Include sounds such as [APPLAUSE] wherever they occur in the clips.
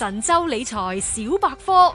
神州理財小百科。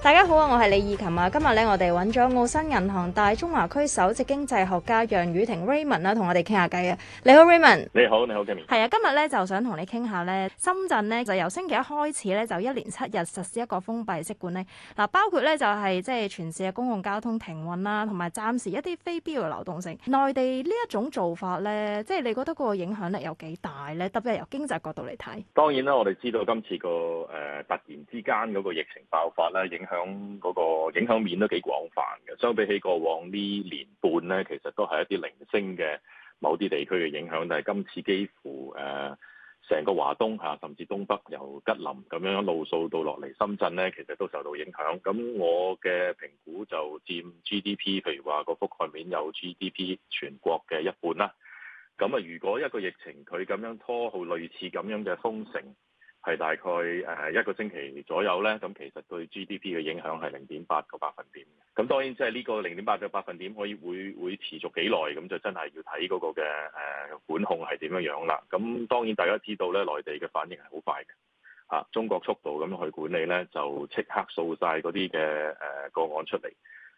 大家好啊，我係李意琴啊，今日咧我哋揾咗澳新銀行大中華區首席經濟學家楊宇霆 Raymond 啦，同我哋傾下偈啊。你好 Raymond，你好你好 Jammy，係啊，今日咧就想同你傾下咧，深圳咧就由星期一開始咧就一連七日實施一個封閉式管理，嗱包括咧就係即係全市嘅公共交通停運啦，同埋暫時一啲非必要嘅流動性，內地呢一種做法咧，即係你覺得個影響力有幾大咧？特別係由經濟角度嚟睇，當然啦，我哋知道今次個誒、呃、突然之間嗰個疫情爆發啦，影。響嗰個影響面都幾廣泛嘅，相比起過往呢年半呢，其實都係一啲零星嘅某啲地區嘅影響，但、就、係、是、今次幾乎誒成、呃、個華東嚇，甚至東北由吉林咁樣一路數到落嚟深圳呢，其實都受到影響。咁我嘅評估就佔 GDP，譬如話個覆蓋面有 GDP 全國嘅一半啦。咁啊，如果一個疫情佢咁樣拖號類似咁樣嘅封城。係大概誒一個星期左右咧，咁其實對 GDP 嘅影響係零點八個百分點。咁當然即係呢個零點八個百分點，可以會會持續幾耐，咁就真係要睇嗰個嘅誒、呃、管控係點樣樣啦。咁當然大家知道咧，內地嘅反應係好快嘅，啊中國速度咁去管理咧，就即刻掃晒嗰啲嘅誒個案出嚟。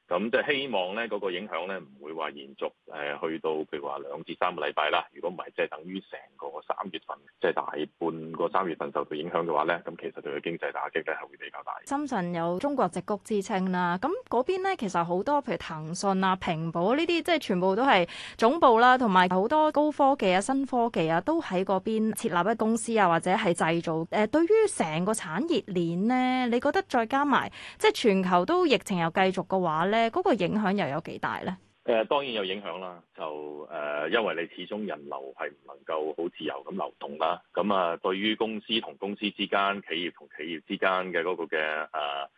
咁即係希望咧嗰、那個影響咧唔會話延續誒、呃、去到譬如話兩至三個禮拜啦。如果唔係，即係等於成個三月份。即係大半個三月份受到影響嘅話咧，咁其實對佢經濟打擊咧係會比較大。深圳有中國矽谷之稱啦，咁嗰邊咧其實好多譬如騰訊啊、蘋果呢啲，即係全部都係總部啦，同埋好多高科技啊、新科技啊，都喺嗰邊設立一公司啊，或者係製造。誒、呃，對於成個產業鏈咧，你覺得再加埋即係全球都疫情又繼續嘅話咧，嗰、那個影響又有幾大咧？誒、呃，當然有影響啦。就誒、呃，因為你始終人流係唔能夠好自由咁流動啦。咁、嗯、啊、嗯，對於公司同公司之間、企業同企業之間嘅嗰個嘅誒、呃、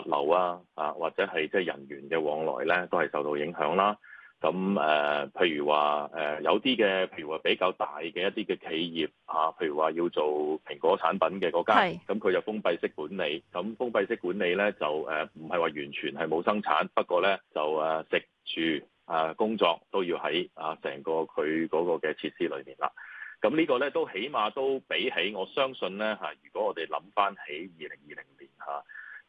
物流啊，啊或者係即係人員嘅往來咧，都係受到影響啦。咁誒、呃，譬如話誒、呃，有啲嘅，譬如話比較大嘅一啲嘅企業啊，譬如話要做蘋果產品嘅嗰間，咁佢是就封閉式管理。咁封閉式管理呢，就誒唔係話完全係冇生產，不過呢，就誒食住啊工作都要喺啊成個佢嗰個嘅設施裏面啦。咁呢個呢，都起碼都比起我相信呢。嚇，如果我哋諗翻起二零二零年嚇。啊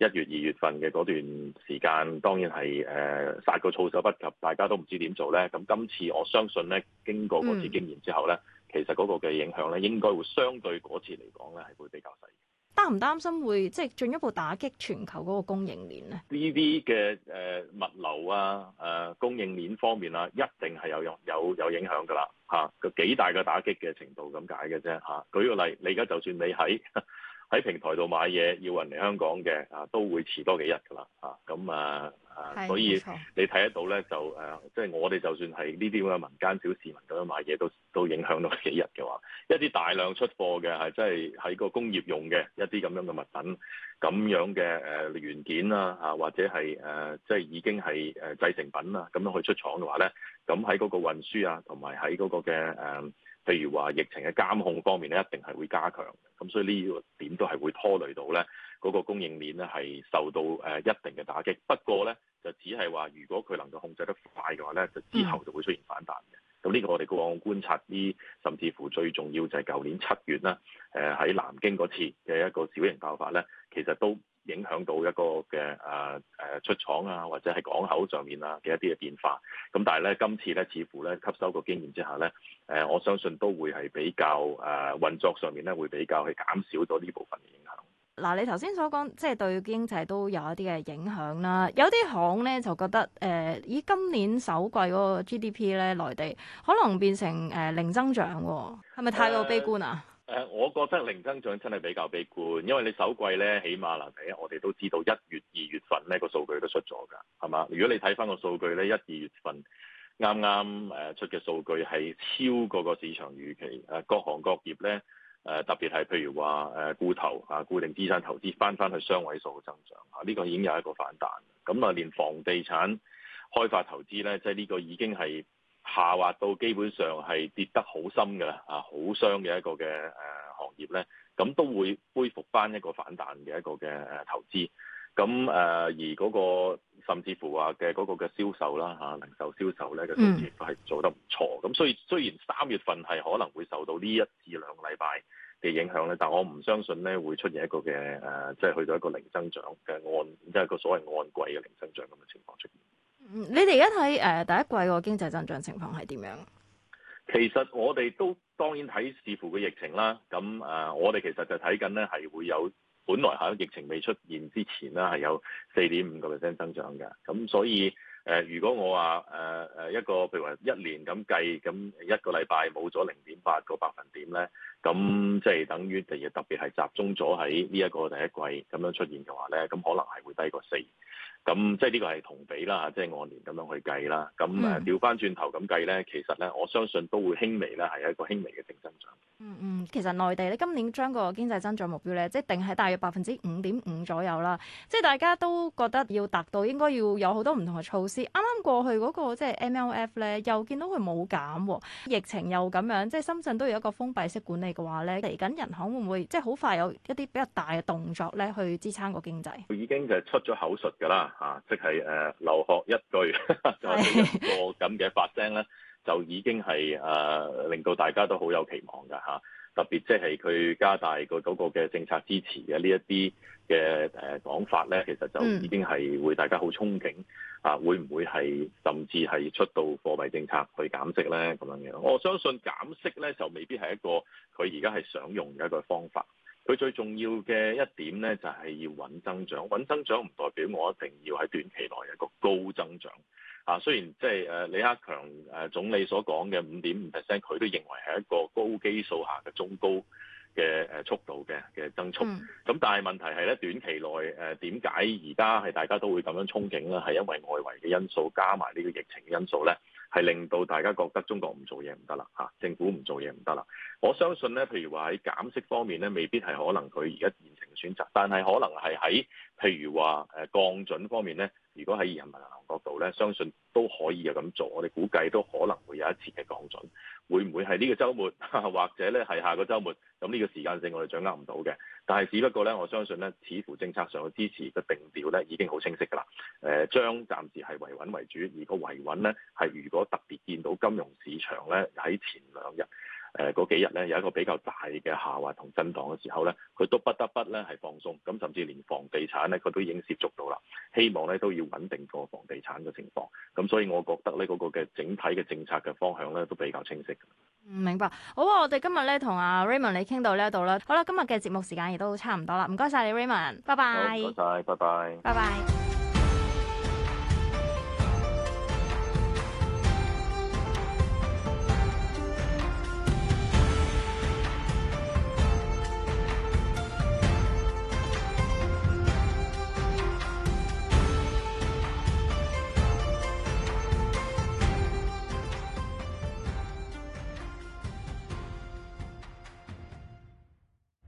一月二月份嘅嗰段時間，當然係誒、呃、殺個措手不及，大家都唔知點做呢。咁今次我相信呢，經過嗰次經驗之後呢，嗯、其實嗰個嘅影響咧，應該會相對嗰次嚟講呢，係會比較細。擔唔擔心會即係進一步打擊全球嗰個供應鏈呢？呢啲嘅誒物流啊、誒、啊、供應鏈方面啊，一定係有有有影響㗎啦。嚇、啊，個幾大嘅打擊嘅程度咁解嘅啫。嚇、啊，舉個例，你而家就算你喺。 [LAUGHS] 喺平台度買嘢要運嚟香港嘅啊，都會遲多幾日㗎喇啊，咁啊啊，所以你睇得到咧就誒，即、啊、係、就是、我哋就算係呢啲咁嘅民間小市民咁樣買嘢，都都影響到幾日嘅話，一啲大量出貨嘅係即係喺個工業用嘅一啲咁樣嘅物品，咁樣嘅誒元件啦啊，或者係誒即係已經係誒製成品啦，咁樣去出廠嘅話咧，咁喺嗰個運輸啊，同埋喺嗰個嘅誒。啊譬如話疫情嘅監控方面咧，一定係會加強，咁所以呢個點都係會拖累到咧嗰個供應鏈咧，係受到誒一定嘅打擊。不過咧，就只係話如果佢能夠控制得快嘅話咧，就之後就會出現反彈嘅。咁呢個我哋過往觀察啲，甚至乎最重要就係舊年七月啦，誒喺南京嗰次嘅一個小型爆發咧，其實都。影響到一個嘅誒誒出廠啊，或者係港口上面啊嘅一啲嘅變化。咁但係咧，今次咧似乎咧吸收個經驗之下咧，誒、呃、我相信都會係比較誒、呃、運作上面咧會比較係減少咗呢部分嘅影響。嗱、呃，你頭先所講即係對經濟都有一啲嘅影響啦。有啲行咧就覺得誒，以、呃、今年首季嗰個 GDP 咧，內地可能變成誒零增長喎、啊。係咪太過悲觀啊？呃誒，我覺得零增長真係比較悲觀，因為你首季呢，起碼嗱，第一我哋都知道一月、二月份呢個數據都出咗㗎，係嘛？如果你睇翻個數據呢，一、二月份啱啱誒出嘅數據係超過個市場預期，誒各行各業呢，誒特別係譬如話誒固投啊，固定資產投資翻翻去雙位數嘅增長，啊，呢個已經有一個反彈，咁啊，連房地產開發投資呢，即係呢個已經係。下滑到基本上係跌得好深嘅啦，啊，好傷嘅一個嘅誒行業咧，咁都會恢復翻一個反彈嘅一個嘅誒投資。咁誒而嗰個甚至乎話嘅嗰個嘅銷售啦，嚇零售銷售咧嘅數都係做得唔錯。咁所以雖，雖然三月份係可能會受到呢一至兩個禮拜嘅影響咧，但我唔相信咧會出現一個嘅誒，即係去到一個零增長嘅按，即係一個所謂按季嘅零增長咁嘅情況出現。你哋而家睇誒，第一季個經濟增長情況係點樣？其實我哋都當然睇視乎個疫情啦。咁誒、啊，我哋其實就睇緊咧，係會有本來喺疫情未出現之前啦，係有四點五個 percent 增長嘅。咁所以。誒、呃，如果我話誒誒一個譬如話一年咁計，咁一個禮拜冇咗零點八個百分點咧，咁即係等於第特別特別係集中咗喺呢一個第一季咁樣出現嘅話咧，咁可能係會低過四，咁即係呢個係同比啦，即係按年咁樣去計啦，咁誒調翻轉頭咁計咧，其實咧我相信都會輕微啦，係一個輕微嘅正增長。嗯嗯，其實內地咧今年將個經濟增長目標咧，即係定喺大約百分之五點五左右啦。即係大家都覺得要達到，應該要有好多唔同嘅措施。啱啱過去嗰個即係 MLF 咧，又見到佢冇減、喔，疫情又咁樣，即係深圳都有一個封閉式管理嘅話咧，嚟緊人行會唔會即係好快有一啲比較大嘅動作咧，去支撐個經濟？佢已經就出咗口術㗎啦，嚇，即係誒留學一句 [LAUGHS] 就一個咁嘅發聲啦。 [LAUGHS] 就已經係誒令到大家都好有期望㗎吓，特別即係佢加大個嗰個嘅政策支持嘅呢一啲嘅誒講法咧，其實就已經係會大家好憧憬啊，會唔會係甚至係出到貨幣政策去減息咧咁樣樣？我相信減息咧就未必係一個佢而家係想用嘅一個方法，佢最重要嘅一點咧就係要穩增長，穩增長唔代表我一定要喺短期內有一個高增長。啊，雖然即係誒李克強誒總理所講嘅五點五 percent，佢都認為係一個高基數下嘅中高嘅誒速度嘅嘅增速，嗯。咁但係問題係咧，短期內誒點解而家係大家都會咁樣憧憬咧？係因為外圍嘅因素加埋呢個疫情因素咧。係令到大家覺得中國唔做嘢唔得啦，嚇、啊、政府唔做嘢唔得啦。我相信呢，譬如話喺減息方面呢，未必係可能佢而家現成選擇，但係可能係喺譬如話誒降準方面呢。如果喺人民銀行角度呢，相信都可以有咁做。我哋估計都可能會有一次嘅降準。會唔會係呢個週末，或者咧係下個週末？咁呢個時間性我哋掌握唔到嘅，但係只不過呢，我相信呢，似乎政策上嘅支持嘅定調呢已經好清晰㗎啦。誒、呃，將暫時係維穩為主，而個維穩呢係如果特別見到金融市場呢喺前兩日。誒，嗰、呃、幾日咧有一個比較大嘅下滑同震蕩嘅時候咧，佢都不得不咧係放鬆，咁甚至連房地產咧佢都已經涉觸到啦，希望咧都要穩定個房地產嘅情況。咁所以我覺得呢嗰、那個嘅整體嘅政策嘅方向咧都比較清晰。唔、嗯、明白，好啊，我哋今日咧同阿 Raymond 你傾到呢一度啦，好啦，啊，今日嘅節目時間亦都差唔多啦，唔該晒你 Raymond，拜拜。拜拜。嗯、謝謝拜拜。拜拜。